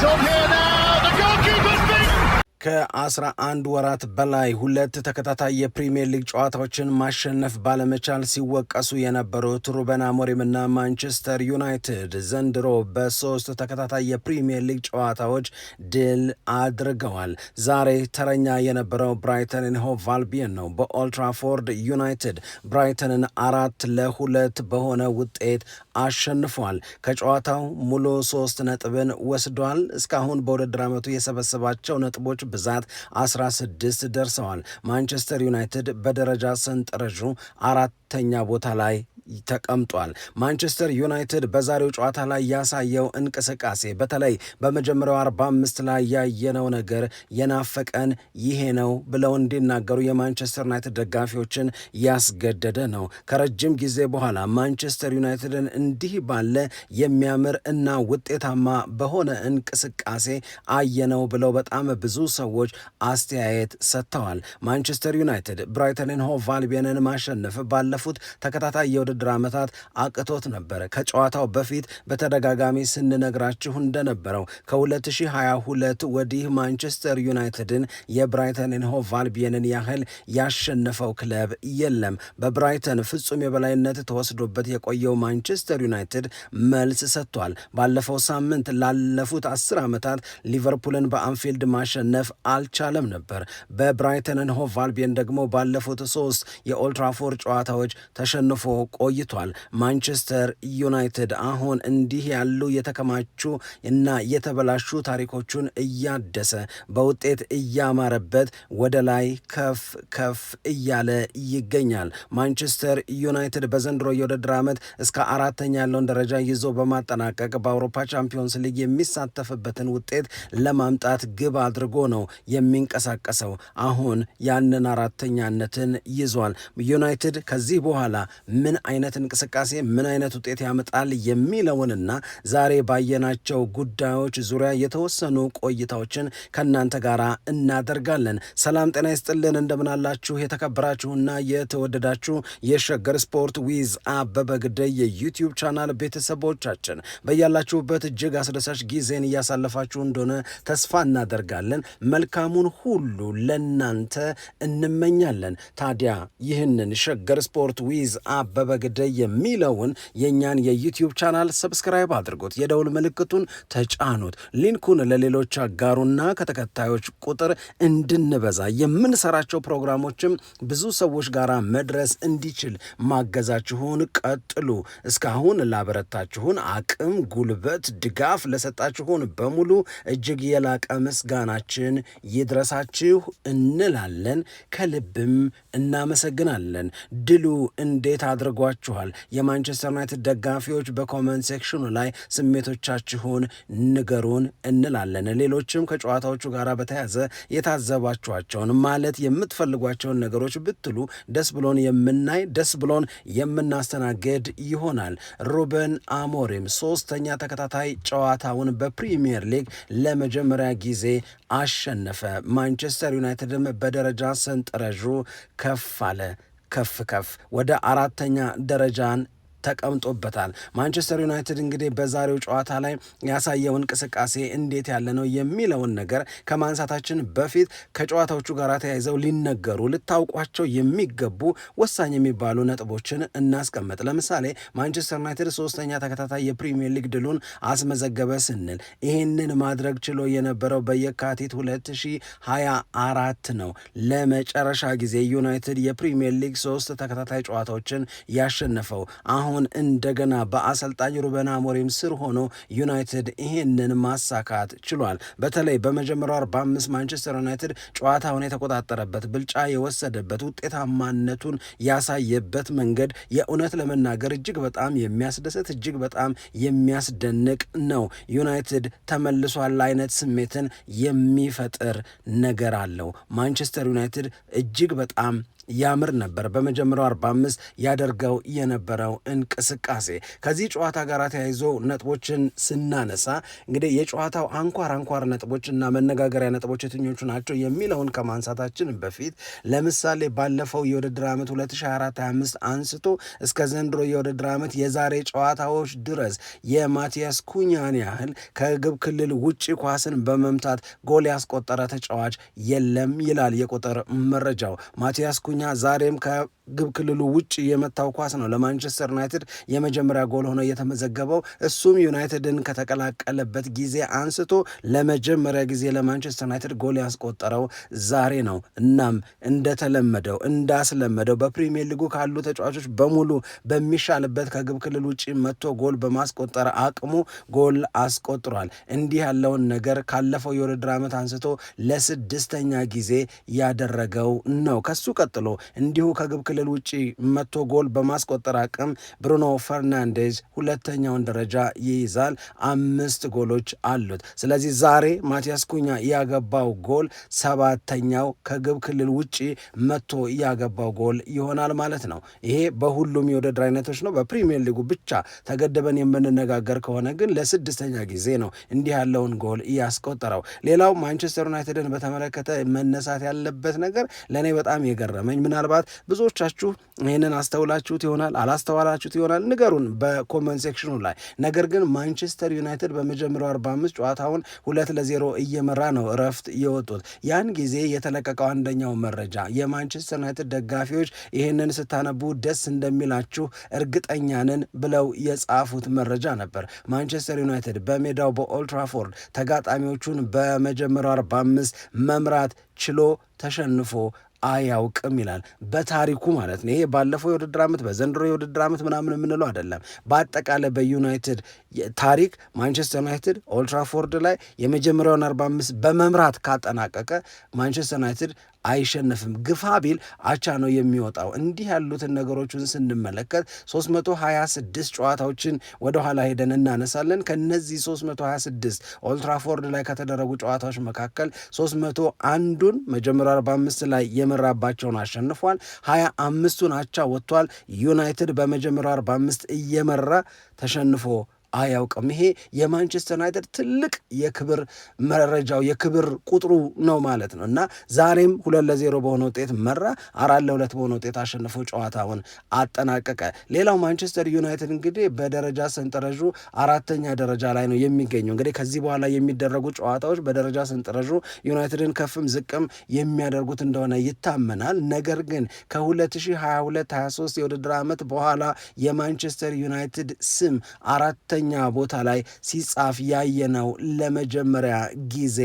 It's on here. ከአስራ አንድ ወራት በላይ ሁለት ተከታታይ የፕሪምየር ሊግ ጨዋታዎችን ማሸነፍ ባለመቻል ሲወቀሱ የነበሩት ሩበን አሞሪምና ማንቸስተር ዩናይትድ ዘንድሮ በሶስት ተከታታይ የፕሪምየር ሊግ ጨዋታዎች ድል አድርገዋል። ዛሬ ተረኛ የነበረው ብራይተንን ሆቭ አልቢዮን ነው። በኦልትራፎርድ ዩናይትድ ብራይተንን አራት ለሁለት በሆነ ውጤት አሸንፏል። ከጨዋታው ሙሉ ሶስት ነጥብን ወስዷል። እስካሁን በውድድር ዓመቱ የሰበሰባቸው ነጥቦች ብዛት 16 ደርሰዋል። ማንቸስተር ዩናይትድ በደረጃ ሰንጠረዡ አራተኛ ቦታ ላይ ተቀምጧል። ማንቸስተር ዩናይትድ በዛሬው ጨዋታ ላይ ያሳየው እንቅስቃሴ በተለይ በመጀመሪያው 45 ላይ ያየነው ነገር የናፈቀን ይሄ ነው ብለው እንዲናገሩ የማንቸስተር ዩናይትድ ደጋፊዎችን ያስገደደ ነው። ከረጅም ጊዜ በኋላ ማንቸስተር ዩናይትድን እንዲህ ባለ የሚያምር እና ውጤታማ በሆነ እንቅስቃሴ አየነው ብለው በጣም ብዙ ሰዎች አስተያየት ሰጥተዋል። ማንቸስተር ዩናይትድ ብራይተንን ሆቭ አልቢዮንን ማሸነፍ ባለፉት ተከታታይ የውድድ የውድድር ዓመታት አቅቶት ነበረ። ከጨዋታው በፊት በተደጋጋሚ ስንነግራችሁ እንደነበረው ከ2022 ወዲህ ማንቸስተር ዩናይትድን የብራይተንን ሆቭ አልቢየንን ያህል ያሸነፈው ክለብ የለም። በብራይተን ፍጹም የበላይነት ተወስዶበት የቆየው ማንቸስተር ዩናይትድ መልስ ሰጥቷል። ባለፈው ሳምንት ላለፉት አስር ዓመታት ሊቨርፑልን በአንፊልድ ማሸነፍ አልቻለም ነበር። በብራይተንን ሆቭ አልቢየን ደግሞ ባለፉት ሶስት የኦልትራፎር ጨዋታዎች ተሸንፎ ቆይቷል። ማንቸስተር ዩናይትድ አሁን እንዲህ ያሉ የተከማቹ እና የተበላሹ ታሪኮቹን እያደሰ በውጤት እያማረበት ወደ ላይ ከፍ ከፍ እያለ ይገኛል። ማንቸስተር ዩናይትድ በዘንድሮ የውድድር ዓመት እስከ አራተኛ ያለውን ደረጃ ይዞ በማጠናቀቅ በአውሮፓ ቻምፒዮንስ ሊግ የሚሳተፍበትን ውጤት ለማምጣት ግብ አድርጎ ነው የሚንቀሳቀሰው። አሁን ያንን አራተኛነትን ይዟል። ዩናይትድ ከዚህ በኋላ ምን አይነት እንቅስቃሴ ምን አይነት ውጤት ያመጣል የሚለውንና ዛሬ ባየናቸው ጉዳዮች ዙሪያ የተወሰኑ ቆይታዎችን ከእናንተ ጋር እናደርጋለን። ሰላም ጤና ይስጥልን። እንደምናላችሁ የተከበራችሁና የተወደዳችሁ የሸገር ስፖርት ዊዝ አበበ ግደይ የዩቲዩብ ቻናል ቤተሰቦቻችን በያላችሁበት እጅግ አስደሳች ጊዜን እያሳለፋችሁ እንደሆነ ተስፋ እናደርጋለን። መልካሙን ሁሉ ለናንተ እንመኛለን። ታዲያ ይህንን ሸገር ስፖርት ዊዝ አበበ በግደይ የሚለውን የእኛን የዩትዩብ ቻናል ሰብስክራይብ አድርጉት፣ የደውል ምልክቱን ተጫኑት፣ ሊንኩን ለሌሎች አጋሩና ከተከታዮች ቁጥር እንድንበዛ የምንሰራቸው ፕሮግራሞችም ብዙ ሰዎች ጋር መድረስ እንዲችል ማገዛችሁን ቀጥሉ። እስካሁን ላበረታችሁን አቅም፣ ጉልበት፣ ድጋፍ ለሰጣችሁን በሙሉ እጅግ የላቀ ምስጋናችን ይድረሳችሁ እንላለን። ከልብም እናመሰግናለን። ድሉ እንዴት አድርጓል አድርጓችኋል? የማንቸስተር ዩናይትድ ደጋፊዎች በኮመንት ሴክሽኑ ላይ ስሜቶቻችሁን ንገሩን እንላለን። ሌሎችም ከጨዋታዎቹ ጋር በተያዘ የታዘባችኋቸውን ማለት የምትፈልጓቸውን ነገሮች ብትሉ ደስ ብሎን የምናይ ደስ ብሎን የምናስተናግድ ይሆናል። ሩበን አሞሪም ሶስተኛ ተከታታይ ጨዋታውን በፕሪሚየር ሊግ ለመጀመሪያ ጊዜ አሸነፈ። ማንቸስተር ዩናይትድም በደረጃ ሰንጠረዡ ከፍ አለ። ከፍ ከፍ ወደ አራተኛ ደረጃን ተቀምጦበታል። ማንቸስተር ዩናይትድ እንግዲህ በዛሬው ጨዋታ ላይ ያሳየው እንቅስቃሴ እንዴት ያለ ነው የሚለውን ነገር ከማንሳታችን በፊት ከጨዋታዎቹ ጋር ተያይዘው ሊነገሩ ልታውቋቸው የሚገቡ ወሳኝ የሚባሉ ነጥቦችን እናስቀምጥ። ለምሳሌ ማንቸስተር ዩናይትድ ሶስተኛ ተከታታይ የፕሪሚየር ሊግ ድሉን አስመዘገበ ስንል ይህንን ማድረግ ችሎ የነበረው በየካቲት 2024 ነው። ለመጨረሻ ጊዜ ዩናይትድ የፕሪሚየር ሊግ ሶስት ተከታታይ ጨዋታዎችን ያሸነፈው አሁን አሁን እንደገና በአሰልጣኝ ሩበን አሞሪም ስር ሆኖ ዩናይትድ ይህንን ማሳካት ችሏል። በተለይ በመጀመሪያው 45 ማንቸስተር ዩናይትድ ጨዋታውን የተቆጣጠረበት ብልጫ የወሰደበት ውጤታማነቱን ያሳየበት መንገድ የእውነት ለመናገር እጅግ በጣም የሚያስደስት እጅግ በጣም የሚያስደንቅ ነው። ዩናይትድ ተመልሷል አይነት ስሜትን የሚፈጥር ነገር አለው። ማንቸስተር ዩናይትድ እጅግ በጣም ያምር ነበር። በመጀመሪያው 45 ያደርገው የነበረው እንቅስቃሴ ከዚህ ጨዋታ ጋር ተያይዞ ነጥቦችን ስናነሳ እንግዲህ የጨዋታው አንኳር አንኳር ነጥቦች እና መነጋገሪያ ነጥቦች የትኞቹ ናቸው የሚለውን ከማንሳታችን በፊት ለምሳሌ ባለፈው የውድድር ዓመት 2425 አንስቶ እስከ ዘንድሮ የውድድር ዓመት የዛሬ ጨዋታዎች ድረስ የማቲያስ ኩኛን ያህል ከግብ ክልል ውጭ ኳስን በመምታት ጎል ያስቆጠረ ተጫዋች የለም ይላል የቁጥር መረጃው ማቲያስ ኩኛ ዳግመኛ ዛሬም ከግብ ክልሉ ውጭ የመታው ኳስ ነው ለማንቸስተር ዩናይትድ የመጀመሪያ ጎል ሆኖ የተመዘገበው። እሱም ዩናይትድን ከተቀላቀለበት ጊዜ አንስቶ ለመጀመሪያ ጊዜ ለማንቸስተር ዩናይትድ ጎል ያስቆጠረው ዛሬ ነው። እናም እንደተለመደው እንዳስለመደው በፕሪሚየር ሊጉ ካሉ ተጫዋቾች በሙሉ በሚሻልበት ከግብ ክልል ውጭ መጥቶ ጎል በማስቆጠር አቅሙ ጎል አስቆጥሯል። እንዲህ ያለውን ነገር ካለፈው የውድድር ዓመት አንስቶ ለስድስተኛ ጊዜ ያደረገው ነው። ከሱ ቀጥሎ ፓውሎ እንዲሁ ከግብ ክልል ውጪ መቶ ጎል በማስቆጠር አቅም ብሩኖ ፈርናንዴዝ ሁለተኛውን ደረጃ ይይዛል። አምስት ጎሎች አሉት። ስለዚህ ዛሬ ማቲያስ ኩኛ ያገባው ጎል ሰባተኛው ከግብ ክልል ውጪ መቶ ያገባው ጎል ይሆናል ማለት ነው። ይሄ በሁሉም የውድድር አይነቶች ነው። በፕሪሚየር ሊጉ ብቻ ተገድበን የምንነጋገር ከሆነ ግን ለስድስተኛ ጊዜ ነው እንዲህ ያለውን ጎል ያስቆጠረው። ሌላው ማንቸስተር ዩናይትድን በተመለከተ መነሳት ያለበት ነገር ለእኔ በጣም የገረመኝ ነኝ። ምናልባት ብዙዎቻችሁ ይህንን አስተውላችሁት ይሆናል፣ አላስተዋላችሁት ይሆናል። ንገሩን በኮመንት ሴክሽኑ ላይ። ነገር ግን ማንቸስተር ዩናይትድ በመጀመሪያው 45 ጨዋታውን ሁለት ለዜሮ እየመራ ነው እረፍት የወጡት። ያን ጊዜ የተለቀቀው አንደኛው መረጃ የማንቸስተር ዩናይትድ ደጋፊዎች ይህንን ስታነቡ ደስ እንደሚላችሁ እርግጠኛ ነን ብለው የጻፉት መረጃ ነበር። ማንቸስተር ዩናይትድ በሜዳው በኦልትራፎርድ ተጋጣሚዎቹን በመጀመሪያው 45 መምራት ችሎ ተሸንፎ አያውቅም ይላል በታሪኩ ማለት ነው። ይሄ ባለፈው የውድድር ዓመት በዘንድሮ የውድድር ዓመት ምናምን የምንለው አይደለም። በአጠቃላይ በዩናይትድ ታሪክ ማንቸስተር ዩናይትድ ኦልትራፎርድ ላይ የመጀመሪያውን 45 በመምራት ካጠናቀቀ ማንቸስተር ዩናይትድ አይሸነፍም። ግፋ ቢል አቻ ነው የሚወጣው። እንዲህ ያሉትን ነገሮችን ስንመለከት 326 ጨዋታዎችን ወደኋላ ሄደን እናነሳለን። ከነዚህ 326 ኦልትራፎርድ ላይ ከተደረጉ ጨዋታዎች መካከል 301 አንዱን መጀመሪያ 45 ላይ የመራባቸውን አሸንፏል። 25ቱን አቻ ወጥቷል። ዩናይትድ በመጀመሪያ 45 እየመራ ተሸንፎ አያውቅም። ይሄ የማንቸስተር ዩናይትድ ትልቅ የክብር መረጃው የክብር ቁጥሩ ነው ማለት ነው እና ዛሬም ሁለት ለዜሮ በሆነ ውጤት መራ፣ አራት ለሁለት በሆነ ውጤት አሸንፎ ጨዋታውን አጠናቀቀ። ሌላው ማንቸስተር ዩናይትድ እንግዲህ በደረጃ ሰንጠረዡ አራተኛ ደረጃ ላይ ነው የሚገኘው። እንግዲህ ከዚህ በኋላ የሚደረጉ ጨዋታዎች በደረጃ ሰንጠረዡ ዩናይትድን ከፍም ዝቅም የሚያደርጉት እንደሆነ ይታመናል። ነገር ግን ከ2022/23 የውድድር ዓመት በኋላ የማንቸስተር ዩናይትድ ስም አራተ ሶስተኛ ቦታ ላይ ሲጻፍ ያየነው ለመጀመሪያ ጊዜ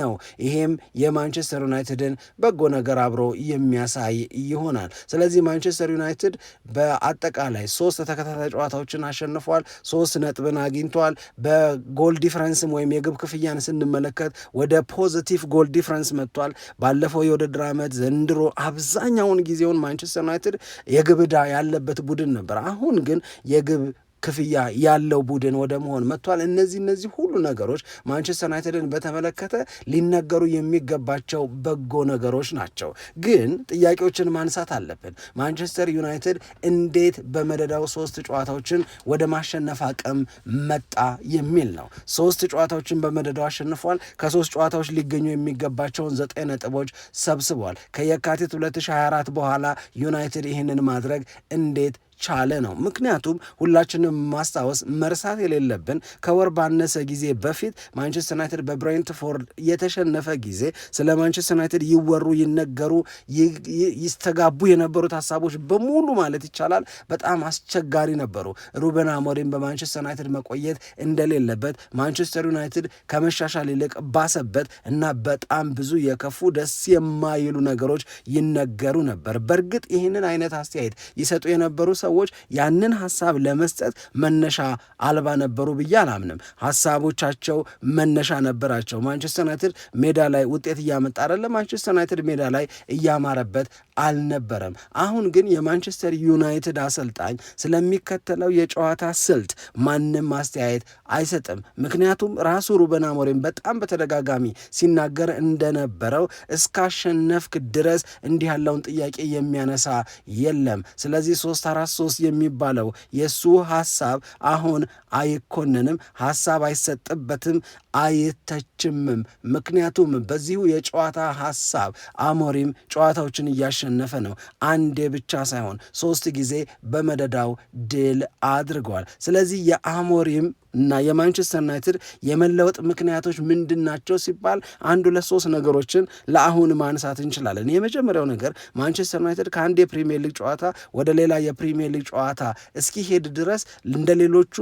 ነው። ይሄም የማንቸስተር ዩናይትድን በጎ ነገር አብሮ የሚያሳይ ይሆናል። ስለዚህ ማንቸስተር ዩናይትድ በአጠቃላይ ሶስት ተከታታይ ጨዋታዎችን አሸንፏል። ሶስት ነጥብን አግኝቷል። በጎል ዲፍረንስም ወይም የግብ ክፍያን ስንመለከት ወደ ፖዘቲቭ ጎል ዲፍረንስ መጥቷል። ባለፈው የውድድር ዓመት ዘንድሮ አብዛኛውን ጊዜውን ማንቸስተር ዩናይትድ የግብ ዕዳ ያለበት ቡድን ነበር። አሁን ግን የግብ ክፍያ ያለው ቡድን ወደ መሆን መጥቷል። እነዚህ እነዚህ ሁሉ ነገሮች ማንቸስተር ዩናይትድን በተመለከተ ሊነገሩ የሚገባቸው በጎ ነገሮች ናቸው። ግን ጥያቄዎችን ማንሳት አለብን። ማንቸስተር ዩናይትድ እንዴት በመደዳው ሶስት ጨዋታዎችን ወደ ማሸነፍ አቅም መጣ የሚል ነው። ሶስት ጨዋታዎችን በመደዳው አሸንፏል። ከሶስት ጨዋታዎች ሊገኙ የሚገባቸውን ዘጠኝ ነጥቦች ሰብስቧል። ከየካቲት 2024 በኋላ ዩናይትድ ይህንን ማድረግ እንዴት ቻለ ነው። ምክንያቱም ሁላችንም ማስታወስ መርሳት የሌለብን ከወር ባነሰ ጊዜ በፊት ማንቸስተር ዩናይትድ በብሬንትፎርድ የተሸነፈ ጊዜ ስለ ማንቸስተር ዩናይትድ ይወሩ፣ ይነገሩ፣ ይስተጋቡ የነበሩት ሀሳቦች በሙሉ ማለት ይቻላል በጣም አስቸጋሪ ነበሩ። ሩበን አሞሪም በማንቸስተር ዩናይትድ መቆየት እንደሌለበት ማንቸስተር ዩናይትድ ከመሻሻል ይልቅ ባሰበት እና በጣም ብዙ የከፉ ደስ የማይሉ ነገሮች ይነገሩ ነበር። በእርግጥ ይህንን አይነት አስተያየት ይሰጡ የነበሩ ሰ ሰዎች ያንን ሀሳብ ለመስጠት መነሻ አልባ ነበሩ ብዬ አላምንም። ሀሳቦቻቸው መነሻ ነበራቸው። ማንቸስተር ዩናይትድ ሜዳ ላይ ውጤት እያመጣ አይደለም። ማንቸስተር ዩናይትድ ሜዳ ላይ እያማረበት አልነበረም። አሁን ግን የማንቸስተር ዩናይትድ አሰልጣኝ ስለሚከተለው የጨዋታ ስልት ማንም አስተያየት አይሰጥም። ምክንያቱም ራሱ ሩበን አሞሪም በጣም በተደጋጋሚ ሲናገር እንደነበረው እስካሸነፍክ ድረስ እንዲህ ያለውን ጥያቄ የሚያነሳ የለም። ስለዚህ 343 የሚባለው የእሱ ሀሳብ አሁን አይኮንንም፣ ሀሳብ አይሰጥበትም፣ አይተችምም። ምክንያቱም በዚሁ የጨዋታ ሀሳብ አሞሪም ጨዋታዎችን እያሸ እያሸነፈ ነው። አንዴ ብቻ ሳይሆን ሶስት ጊዜ በመደዳው ድል አድርገዋል። ስለዚህ የአሞሪም እና የማንቸስተር ዩናይትድ የመለወጥ ምክንያቶች ምንድን ናቸው ሲባል አንድ ሁለት ሶስት ነገሮችን ለአሁን ማንሳት እንችላለን። የመጀመሪያው ነገር ማንቸስተር ዩናይትድ ከአንድ የፕሪሚየር ሊግ ጨዋታ ወደ ሌላ የፕሪሚየር ሊግ ጨዋታ እስኪሄድ ድረስ እንደ ሌሎቹ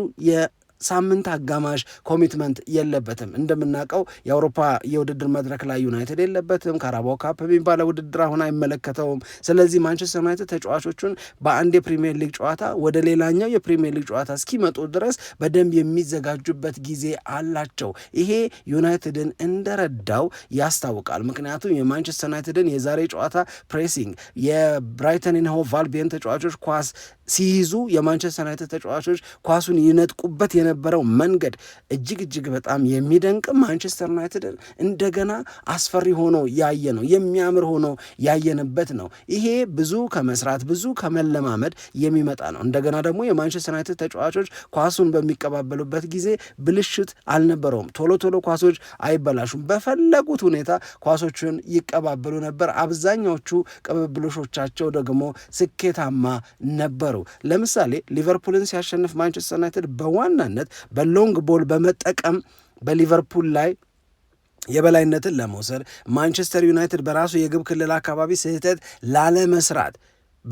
ሳምንት አጋማሽ ኮሚትመንት የለበትም። እንደምናውቀው የአውሮፓ የውድድር መድረክ ላይ ዩናይትድ የለበትም። ካራባው ካፕ የሚባለ ውድድር አሁን አይመለከተውም። ስለዚህ ማንቸስተር ዩናይትድ ተጫዋቾቹን በአንድ የፕሪሚየር ሊግ ጨዋታ ወደ ሌላኛው የፕሪሚየር ሊግ ጨዋታ እስኪመጡ ድረስ በደንብ የሚዘጋጁበት ጊዜ አላቸው። ይሄ ዩናይትድን እንደረዳው ያስታውቃል። ምክንያቱም የማንቸስተር ዩናይትድን የዛሬ ጨዋታ ፕሬሲንግ የብራይተን ኢንሆ ቫልቢየን ተጫዋቾች ኳስ ሲይዙ የማንቸስተር ዩናይትድ ተጫዋቾች ኳሱን ይነጥቁበት የነበረው መንገድ እጅግ እጅግ በጣም የሚደንቅ ማንቸስተር ዩናይትድን እንደገና አስፈሪ ሆኖ ያየ ነው የሚያምር ሆኖ ያየንበት ነው። ይሄ ብዙ ከመስራት ብዙ ከመለማመድ የሚመጣ ነው። እንደገና ደግሞ የማንቸስተር ዩናይትድ ተጫዋቾች ኳሱን በሚቀባበሉበት ጊዜ ብልሽት አልነበረውም። ቶሎ ቶሎ ኳሶች አይበላሹም። በፈለጉት ሁኔታ ኳሶችን ይቀባበሉ ነበር። አብዛኛዎቹ ቅብብሎሾቻቸው ደግሞ ስኬታማ ነበሩ። ለምሳሌ ሊቨርፑልን ሲያሸንፍ ማንቸስተር ዩናይትድ በዋና አማካኝነት በሎንግ ቦል በመጠቀም በሊቨርፑል ላይ የበላይነትን ለመውሰድ ማንቸስተር ዩናይትድ በራሱ የግብ ክልል አካባቢ ስህተት ላለመስራት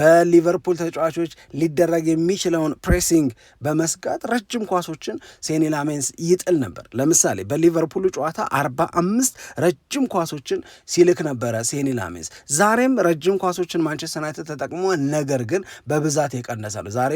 በሊቨርፑል ተጫዋቾች ሊደረግ የሚችለውን ፕሬሲንግ በመስጋት ረጅም ኳሶችን ሴኒ ላሜንስ ይጥል ነበር። ለምሳሌ በሊቨርፑል ጨዋታ አርባ አምስት ረጅም ኳሶችን ሲልክ ነበረ ሴኒ ላሜንስ። ዛሬም ረጅም ኳሶችን ማንቸስተር ዩናይትድ ተጠቅሞ ነገር ግን በብዛት የቀነሰ ነው። ዛሬ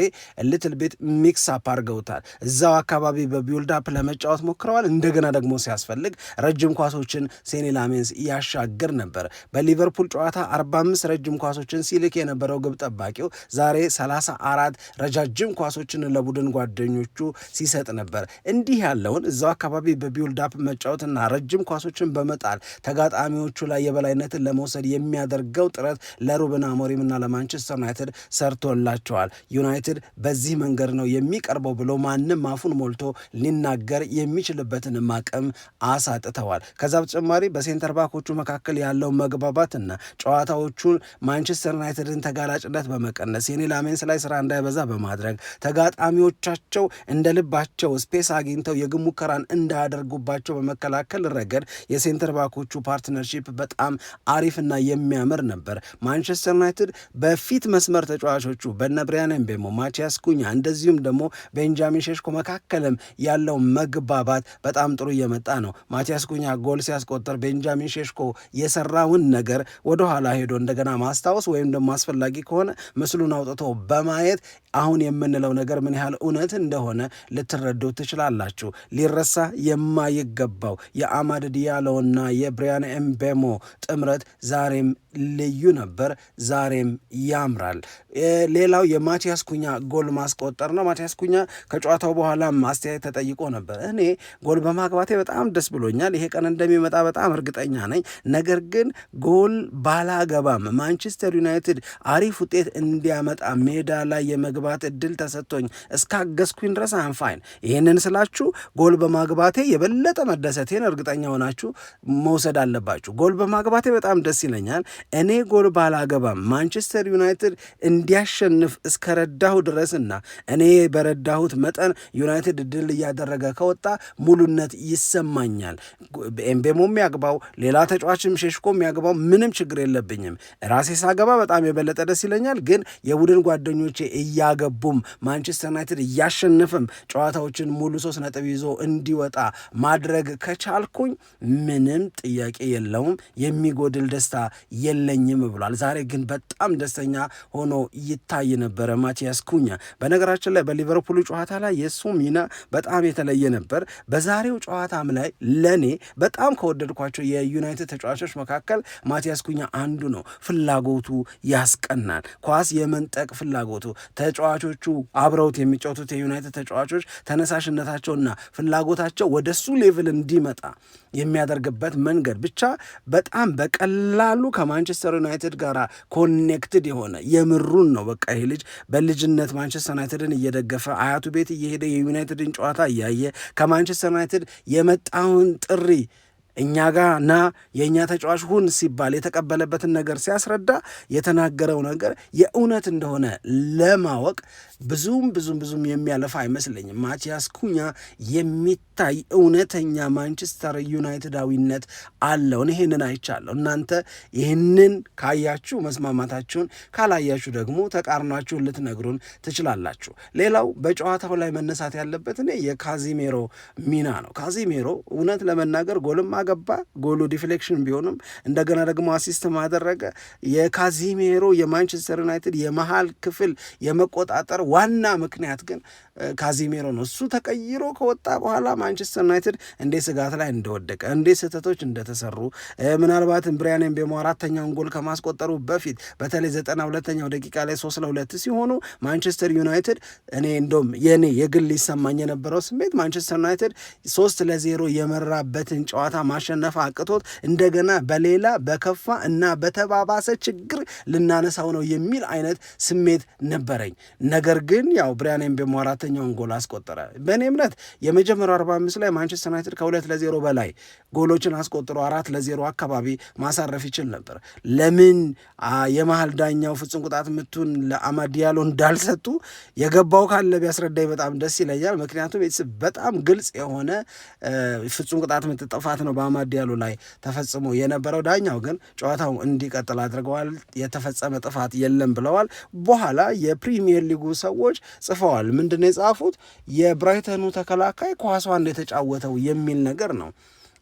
ልትል ቤት ሚክስ አፕ አድርገውታል። እዛው አካባቢ በቢውልዳፕ ለመጫወት ሞክረዋል። እንደገና ደግሞ ሲያስፈልግ ረጅም ኳሶችን ሴኒ ላሜንስ ያሻግር ነበር። በሊቨርፑል ጨዋታ 45 ረጅም ኳሶችን ሲልክ የነበረው ግብ ጠባቂው ዛሬ 34 አራት ረጃጅም ኳሶችን ለቡድን ጓደኞቹ ሲሰጥ ነበር። እንዲህ ያለውን እዛው አካባቢ በቢውልዳፕ መጫወትና ረጅም ኳሶችን በመጣል ተጋጣሚዎቹ ላይ የበላይነትን ለመውሰድ የሚያደርገው ጥረት ለሩበን አሞሪምና ለማንቸስተር ዩናይትድ ሰርቶላቸዋል። ዩናይትድ በዚህ መንገድ ነው የሚቀርበው ብሎ ማንም አፉን ሞልቶ ሊናገር የሚችልበትን አቅም አሳጥተዋል። ከዛ በተጨማሪ በሴንተር ባኮቹ መካከል ያለው መግባባትና ጨዋታዎቹን ማንቸስተር ዩናይትድን ተጋላ። ጭነት በመቀነስ ላሜንስ ላይ ስራ እንዳይበዛ በማድረግ ተጋጣሚዎቻቸው እንደ ልባቸው ስፔስ አግኝተው የግብ ሙከራን እንዳያደርጉባቸው በመከላከል ረገድ የሴንተር ባኮቹ ፓርትነርሺፕ በጣም አሪፍና የሚያምር ነበር። ማንቸስተር ዩናይትድ በፊት መስመር ተጫዋቾቹ በነብሪያን ብሪያን ማቲያስ ኩኛ እንደዚሁም ደግሞ ቤንጃሚን ሸሽኮ መካከልም ያለው መግባባት በጣም ጥሩ እየመጣ ነው። ማቲያስ ኩኛ ጎል ሲያስቆጠር ቤንጃሚን ሼሽኮ የሰራውን ነገር ወደኋላ ሄዶ እንደገና ማስታወስ ወይም ደግሞ አስፈላጊ ከሆነ ምስሉን አውጥቶ በማየት አሁን የምንለው ነገር ምን ያህል እውነት እንደሆነ ልትረዱ ትችላላችሁ። ሊረሳ የማይገባው የአማድ ዲያሎና የብሪያን ኤምቤሞ ጥምረት ዛሬም ልዩ ነበር፣ ዛሬም ያምራል። ሌላው የማቲያስ ኩኛ ጎል ማስቆጠር ነው። ማቲያስ ኩኛ ከጨዋታው በኋላ አስተያየት ተጠይቆ ነበር። እኔ ጎል በማግባቴ በጣም ደስ ብሎኛል። ይሄ ቀን እንደሚመጣ በጣም እርግጠኛ ነኝ። ነገር ግን ጎል ባላገባም ማንቸስተር ዩናይትድ አሪፍ ውጤት እንዲያመጣ ሜዳ ላይ የመግባት እድል ተሰጥቶኝ እስካገዝኩኝ ድረስ አንፋይን። ይህንን ስላችሁ ጎል በማግባቴ የበለጠ መደሰቴን እርግጠኛ ሆናችሁ መውሰድ አለባችሁ። ጎል በማግባቴ በጣም ደስ ይለኛል። እኔ ጎል ባላገባም ማንቸስተር ዩናይትድ እንዲያሸንፍ እስከረዳሁ ድረስና እኔ በረዳሁት መጠን ዩናይትድ ድል እያደረገ ከወጣ ሙሉነት ይሰማኛል። ኤምቤሞ የሚያግባው ሌላ ተጫዋችም ሸሽኮ የሚያግባው ምንም ችግር የለብኝም። ራሴ ሳገባ በጣም የበለጠ ደስ ይለኛል። ግን የቡድን ጓደኞቼ እያገቡም ማንቸስተር ዩናይትድ እያሸንፍም ጨዋታዎችን ሙሉ ሶስት ነጥብ ይዞ እንዲወጣ ማድረግ ከቻልኩኝ ምንም ጥያቄ የለውም የሚጎድል ደስታ የለኝም ብሏል። ዛሬ ግን በጣም ደስተኛ ሆኖ ይታይ ነበረ ማቲያስ ኩኛ። በነገራችን ላይ በሊቨርፑሉ ጨዋታ ላይ የእሱ ሚና በጣም የተለየ ነበር። በዛሬው ጨዋታም ላይ ለእኔ በጣም ከወደድኳቸው የዩናይትድ ተጫዋቾች መካከል ማቲያስ ኩኛ አንዱ ነው። ፍላጎቱ ያስቀናል። ኳስ የመንጠቅ ፍላጎቱ ተጫዋቾቹ አብረውት የሚጫወቱት የዩናይትድ ተጫዋቾች ተነሳሽነታቸውና ፍላጎታቸው ወደሱ ሌቭል እንዲመጣ የሚያደርግበት መንገድ ብቻ በጣም በቀላሉ ከማ ከማንቸስተር ዩናይትድ ጋር ኮኔክትድ የሆነ የምሩን ነው። በቃ ይሄ ልጅ በልጅነት ማንቸስተር ዩናይትድን እየደገፈ አያቱ ቤት እየሄደ የዩናይትድን ጨዋታ እያየ ከማንቸስተር ዩናይትድ የመጣውን ጥሪ እኛ ጋ ና የእኛ ተጫዋች ሁን ሲባል የተቀበለበትን ነገር ሲያስረዳ የተናገረው ነገር የእውነት እንደሆነ ለማወቅ ብዙም ብዙም ብዙም የሚያለፋ አይመስለኝም። ማቲያስ ኩኛ የሚታይ እውነተኛ ማንቸስተር ዩናይትዳዊነት አለውን። ይህንን አይቻለሁ። እናንተ ይህንን ካያችሁ መስማማታችሁን፣ ካላያችሁ ደግሞ ተቃርናችሁን ልትነግሩን ትችላላችሁ። ሌላው በጨዋታው ላይ መነሳት ያለበት እኔ የካዚሜሮ ሚና ነው። ካዚሜሮ እውነት ለመናገር ጎልም አገባ፣ ጎሉ ዲፍሌክሽን ቢሆንም እንደገና ደግሞ አሲስትም አደረገ። የካዚሜሮ የማንቸስተር ዩናይትድ የመሃል ክፍል የመቆጣጠር ዋና ምክንያት ግን ካዚሜሮ ነው። እሱ ተቀይሮ ከወጣ በኋላ ማንቸስተር ዩናይትድ እንዴት ስጋት ላይ እንደወደቀ፣ እንዴት ስህተቶች እንደተሰሩ ምናልባትም ብሪያን ምቤሞ አራተኛውን ጎል ከማስቆጠሩ በፊት በተለይ ዘጠና ሁለተኛው ደቂቃ ላይ ሶስት ለሁለት ሲሆኑ ማንቸስተር ዩናይትድ እኔ እንደውም የእኔ የግል ሊሰማኝ የነበረው ስሜት ማንቸስተር ዩናይትድ ሶስት ለዜሮ የመራበትን ጨዋታ ማሸነፍ አቅቶት እንደገና በሌላ በከፋ እና በተባባሰ ችግር ልናነሳው ነው የሚል አይነት ስሜት ነበረኝ ነገር ነገር ግን ያው ብሪያን ምቤሞ አራተኛውን ጎል አስቆጠረ። በእኔ እምነት የመጀመሪያው 45 ላይ ማንቸስተር ዩናይትድ ከሁለት ለዜሮ በላይ ጎሎችን አስቆጥሮ አራት ለዜሮ አካባቢ ማሳረፍ ይችል ነበር። ለምን የመሀል ዳኛው ፍጹም ቅጣት ምቱን ለአማዲያሎ እንዳልሰጡ የገባው ካለ ቢያስረዳኝ በጣም ደስ ይለኛል። ምክንያቱም በጣም ግልጽ የሆነ ፍጹም ቅጣት ምት ጥፋት ነው በአማዲያሎ ላይ ተፈጽሞ የነበረው። ዳኛው ግን ጨዋታው እንዲቀጥል አድርገዋል። የተፈጸመ ጥፋት የለም ብለዋል። በኋላ የፕሪሚየር ሊጉ ሰው ሰዎች ጽፈዋል። ምንድን ነው የጻፉት? የብራይተኑ ተከላካይ ኳሷን የተጫወተው የሚል ነገር ነው።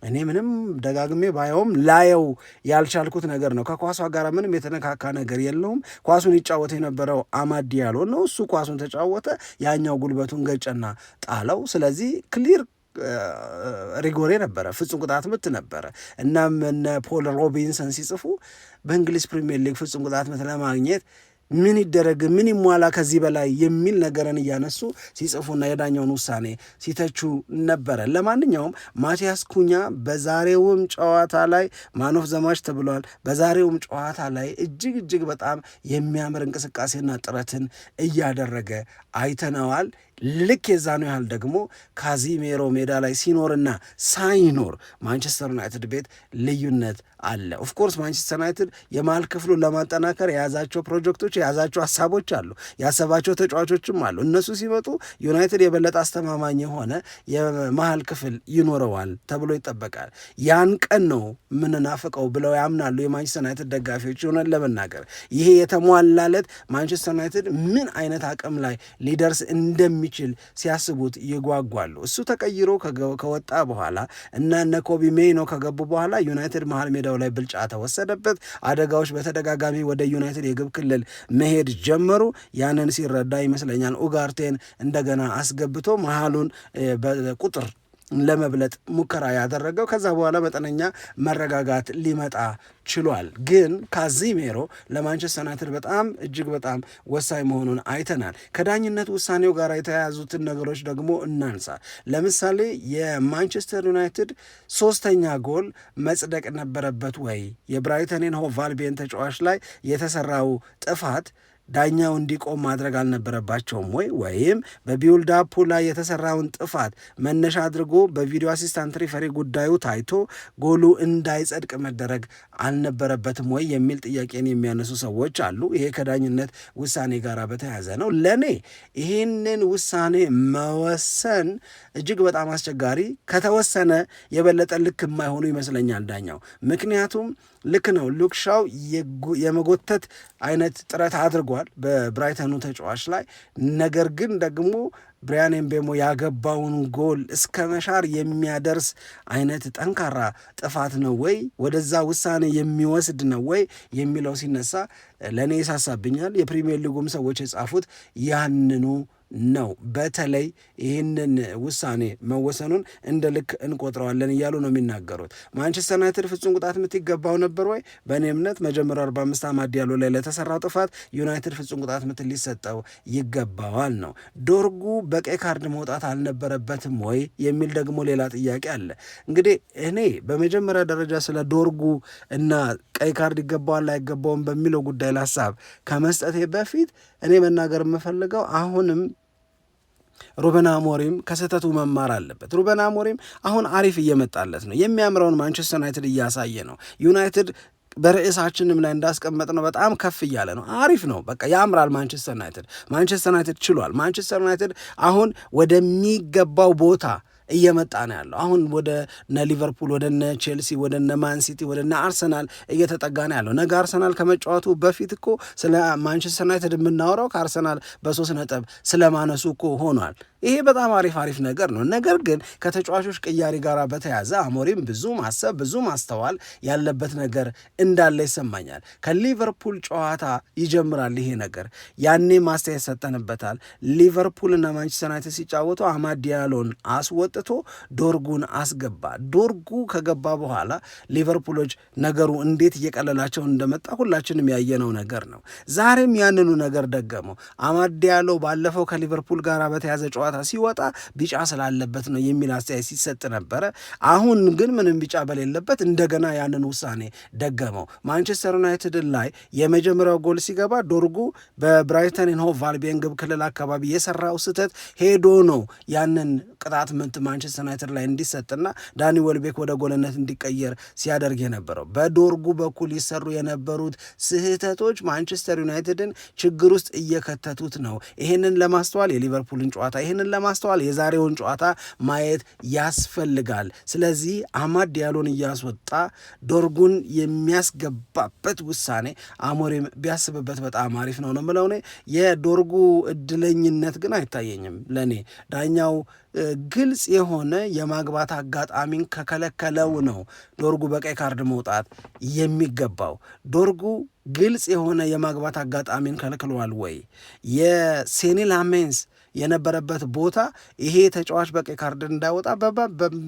እኔ ምንም ደጋግሜ ባየውም ላየው ያልቻልኩት ነገር ነው። ከኳሷ ጋር ምንም የተነካካ ነገር የለውም። ኳሱን ይጫወት የነበረው አማድ ዲያሎ ነው። እሱ ኳሱን ተጫወተ፣ ያኛው ጉልበቱን ገጨና ጣለው። ስለዚህ ክሊር ሪጎሬ ነበረ፣ ፍጹም ቅጣት ምት ነበረ። እናም እነ ፖል ሮቢንሰን ሲጽፉ በእንግሊዝ ፕሪሚየር ሊግ ፍጹም ቅጣት ምት ለማግኘት ምን ይደረግ፣ ምን ይሟላ ከዚህ በላይ የሚል ነገርን እያነሱ ሲጽፉና የዳኛውን ውሳኔ ሲተቹ ነበረ። ለማንኛውም ማቲያስ ኩኛ በዛሬውም ጨዋታ ላይ ማኖፍ ዘማች ተብሏል። በዛሬውም ጨዋታ ላይ እጅግ እጅግ በጣም የሚያምር እንቅስቃሴና ጥረትን እያደረገ አይተነዋል። ልክ የዛኑ ያህል ደግሞ ካዚሜሮ ሜዳ ላይ ሲኖርና ሳይኖር ማንቸስተር ዩናይትድ ቤት ልዩነት አለ። ኦፍኮርስ ማንቸስተር ዩናይትድ የመሃል ክፍሉን ለማጠናከር የያዛቸው ፕሮጀክቶች የያዛቸው ሀሳቦች አሉ፣ ያሰባቸው ተጫዋቾችም አሉ። እነሱ ሲመጡ ዩናይትድ የበለጠ አስተማማኝ የሆነ የመሃል ክፍል ይኖረዋል ተብሎ ይጠበቃል። ያን ቀን ነው ምንናፍቀው ብለው ያምናሉ የማንቸስተር ዩናይትድ ደጋፊዎች። ሆነን ለመናገር ይሄ የተሟላለት ማንቸስተር ዩናይትድ ምን አይነት አቅም ላይ ሊደርስ እንደሚ እንደሚችል ሲያስቡት ይጓጓሉ። እሱ ተቀይሮ ከወጣ በኋላ እና እነ ኮቢ ሜይኖ ከገቡ በኋላ ዩናይትድ መሀል ሜዳው ላይ ብልጫ ተወሰደበት። አደጋዎች በተደጋጋሚ ወደ ዩናይትድ የግብ ክልል መሄድ ጀመሩ። ያንን ሲረዳ ይመስለኛል ኡጋርቴን እንደገና አስገብቶ መሀሉን በቁጥር ለመብለጥ ሙከራ ያደረገው። ከዛ በኋላ መጠነኛ መረጋጋት ሊመጣ ችሏል። ግን ካዚሜሮ ለማንቸስተር ዩናይትድ በጣም እጅግ በጣም ወሳኝ መሆኑን አይተናል። ከዳኝነት ውሳኔው ጋር የተያያዙትን ነገሮች ደግሞ እናንሳ። ለምሳሌ የማንቸስተር ዩናይትድ ሶስተኛ ጎል መጽደቅ ነበረበት ወይ? የብራይተንን ሆ ቫልቤን ተጫዋች ላይ የተሰራው ጥፋት ዳኛው እንዲቆም ማድረግ አልነበረባቸውም ወይ? ወይም በቢውልዳፑ ላይ የተሰራውን ጥፋት መነሻ አድርጎ በቪዲዮ አሲስታንት ሪፈሪ ጉዳዩ ታይቶ ጎሉ እንዳይጸድቅ መደረግ አልነበረበትም ወይ የሚል ጥያቄን የሚያነሱ ሰዎች አሉ። ይሄ ከዳኝነት ውሳኔ ጋር በተያያዘ ነው። ለእኔ ይህንን ውሳኔ መወሰን እጅግ በጣም አስቸጋሪ፣ ከተወሰነ የበለጠ ልክ የማይሆኑ ይመስለኛል ዳኛው። ምክንያቱም ልክ ነው ሉክሻው የመጎተት አይነት ጥረት አድርጓል አድርጓል በብራይተኑ ተጫዋች ላይ። ነገር ግን ደግሞ ብሪያን ኤምቤሞ ያገባውን ጎል እስከ መሻር የሚያደርስ አይነት ጠንካራ ጥፋት ነው ወይ ወደዛ ውሳኔ የሚወስድ ነው ወይ የሚለው ሲነሳ ለእኔ ይሳሳብኛል። የፕሪሚየር ሊጉም ሰዎች የጻፉት ያንኑ ነው። በተለይ ይህንን ውሳኔ መወሰኑን እንደ ልክ እንቆጥረዋለን እያሉ ነው የሚናገሩት። ማንቸስተር ዩናይትድ ፍጹም ቅጣት ምት ይገባው ነበር ወይ? በእኔ እምነት መጀመሪያው 45 አማድ ያሉ ላይ ለተሰራው ጥፋት ዩናይትድ ፍጹም ቅጣት ምት ሊሰጠው ይገባዋል ነው። ዶርጉ በቀይ ካርድ መውጣት አልነበረበትም ወይ የሚል ደግሞ ሌላ ጥያቄ አለ። እንግዲህ እኔ በመጀመሪያ ደረጃ ስለ ዶርጉ እና ቀይ ካርድ ይገባዋል አይገባውም በሚለው ጉዳይ ላሳብ ከመስጠቴ በፊት እኔ መናገር የምፈልገው አሁንም ሩበን አሞሪም ከስህተቱ መማር አለበት። ሩበን አሞሪም አሁን አሪፍ እየመጣለት ነው። የሚያምረውን ማንቸስተር ዩናይትድ እያሳየ ነው። ዩናይትድ በርዕሳችንም ላይ እንዳስቀመጥ ነው በጣም ከፍ እያለ ነው። አሪፍ ነው። በቃ ያምራል። ማንቸስተር ዩናይትድ ማንቸስተር ዩናይትድ ችሏል። ማንቸስተር ዩናይትድ አሁን ወደሚገባው ቦታ እየመጣ ነው ያለው። አሁን ወደ ነ ሊቨርፑል፣ ወደ ነ ቼልሲ፣ ወደ እነ ማንሲቲ፣ ወደ ነ አርሰናል እየተጠጋ ነው ያለው። ነገ አርሰናል ከመጫወቱ በፊት እኮ ስለ ማንቸስተር ዩናይትድ የምናወራው ከአርሰናል በሶስት ነጥብ ስለማነሱ እኮ ሆኗል። ይሄ በጣም አሪፍ አሪፍ ነገር ነው። ነገር ግን ከተጫዋቾች ቅያሪ ጋር በተያዘ አሞሪም ብዙ ማሰብ ብዙ ማስተዋል ያለበት ነገር እንዳለ ይሰማኛል። ከሊቨርፑል ጨዋታ ይጀምራል ይሄ ነገር። ያኔ ማስተያየት ሰጠንበታል። ሊቨርፑል እና ማንቸስተር ዩናይትድ ሲጫወቱ አማዲያሎን አስወጥቶ ዶርጉን አስገባ። ዶርጉ ከገባ በኋላ ሊቨርፑሎች ነገሩ እንዴት እየቀለላቸው እንደመጣ ሁላችንም ያየነው ነገር ነው። ዛሬም ያንኑ ነገር ደገመው። አማዲያሎ ባለፈው ከሊቨርፑል ጋር በተያዘ ጨዋታ ጨዋታ ሲወጣ ቢጫ ስላለበት ነው የሚል አስተያየት ሲሰጥ ነበረ። አሁን ግን ምንም ቢጫ በሌለበት እንደገና ያንን ውሳኔ ደገመው። ማንቸስተር ዩናይትድን ላይ የመጀመሪያው ጎል ሲገባ ዶርጉ በብራይተን ኤንሆ ቫልቤን ግብ ክልል አካባቢ የሰራው ስህተት ሄዶ ነው ያንን ቅጣት ምት ማንቸስተር ዩናይትድ ላይ እንዲሰጥና ዳኒ ወልቤክ ወደ ጎልነት እንዲቀየር ሲያደርግ የነበረው በዶርጉ በኩል ይሰሩ የነበሩት ስህተቶች ማንቸስተር ዩናይትድን ችግር ውስጥ እየከተቱት ነው። ይህንን ለማስተዋል የሊቨርፑልን ጨዋታ ይህን ይህንን ለማስተዋል የዛሬውን ጨዋታ ማየት ያስፈልጋል። ስለዚህ አማድ ዲያሎን እያስወጣ ዶርጉን የሚያስገባበት ውሳኔ አሞሪም ቢያስብበት በጣም አሪፍ ነው ነው የምለው እኔ። የዶርጉ እድለኝነት ግን አይታየኝም ለእኔ ዳኛው ግልጽ የሆነ የማግባት አጋጣሚን ከከለከለው ነው ዶርጉ በቀይ ካርድ መውጣት የሚገባው። ዶርጉ ግልጽ የሆነ የማግባት አጋጣሚን ከልክለዋል ወይ? የሴኒ ላሜንስ የነበረበት ቦታ ይሄ ተጫዋች በቀይ ካርድ እንዳይወጣ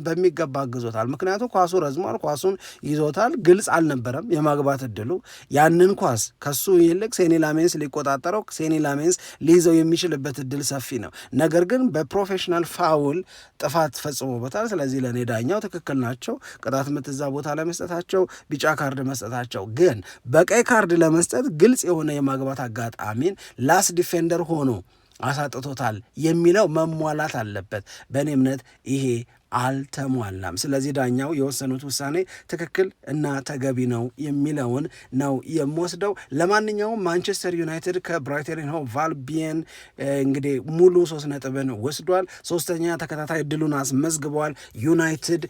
በሚገባ አግዞታል። ምክንያቱም ኳሱ ረዝሟል፣ ኳሱን ይዞታል፣ ግልጽ አልነበረም የማግባት እድሉ። ያንን ኳስ ከሱ ይልቅ ሴኒ ላሜንስ ሊቆጣጠረው፣ ሴኒ ላሜንስ ሊይዘው የሚችልበት እድል ሰፊ ነው። ነገር ግን በፕሮፌሽናል ፋውል ጥፋት ፈጽሞበታል። ስለዚህ ለእኔ ዳኛው ትክክል ናቸው፣ ቅጣት ምትዛ ቦታ ለመስጠታቸው፣ ቢጫ ካርድ መስጠታቸው። ግን በቀይ ካርድ ለመስጠት ግልጽ የሆነ የማግባት አጋጣሚን ላስ ዲፌንደር ሆኖ አሳጥቶታል የሚለው መሟላት አለበት። በእኔ እምነት ይሄ አልተሟላም። ስለዚህ ዳኛው የወሰኑት ውሳኔ ትክክል እና ተገቢ ነው የሚለውን ነው የምወስደው። ለማንኛውም ማንቸስተር ዩናይትድ ከብራይተን ሆቭ አልቢየን እንግዲህ ሙሉ ሶስት ነጥብን ወስዷል። ሶስተኛ ተከታታይ ድሉን አስመዝግበዋል። ዩናይትድ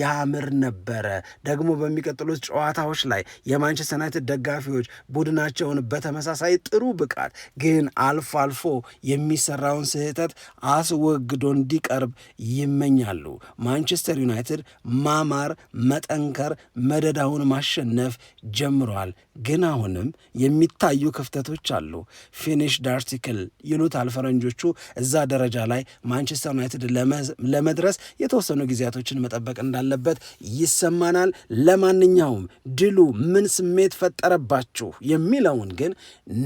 ያምር ነበረ። ደግሞ በሚቀጥሉት ጨዋታዎች ላይ የማንቸስተር ዩናይትድ ደጋፊዎች ቡድናቸውን በተመሳሳይ ጥሩ ብቃት ግን አልፎ አልፎ የሚሰራውን ስህተት አስወግዶ እንዲቀርብ ይመኛሉ። ማንቸስተር ዩናይትድ ማማር፣ መጠንከር፣ መደዳውን ማሸነፍ ጀምረዋል። ግን አሁንም የሚታዩ ክፍተቶች አሉ። ፊኒሽ ዳርቲክል ይሉታል ፈረንጆቹ። እዛ ደረጃ ላይ ማንቸስተር ዩናይትድ ለመድረስ የተወሰኑ ጊዜያቶችን መጠበቅ እንዳለበት ይሰማናል። ለማንኛውም ድሉ ምን ስሜት ፈጠረባችሁ የሚለውን ግን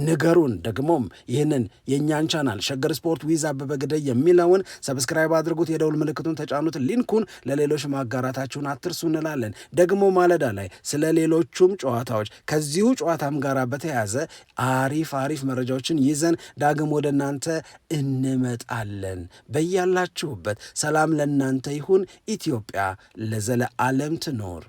ንገሩን። ደግሞም ይህንን የእኛን ቻናል ሸገር ስፖርት ዊዝ አበበ ግደይ የሚለውን ሰብስክራይብ አድርጉት፣ የደውል ምልክቱን ተጫኑት። ሊንኩን ለሌሎች ማጋራታችሁን አትርሱ እንላለን። ደግሞ ማለዳ ላይ ስለ ሌሎቹም ጨዋታዎች ከዚሁ ጨዋታም ጋር በተያያዘ አሪፍ አሪፍ መረጃዎችን ይዘን ዳግም ወደ እናንተ እንመጣለን። በያላችሁበት ሰላም ለእናንተ ይሁን። ኢትዮጵያ ለዘለ ዓለም ትኖር።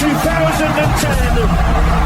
2010.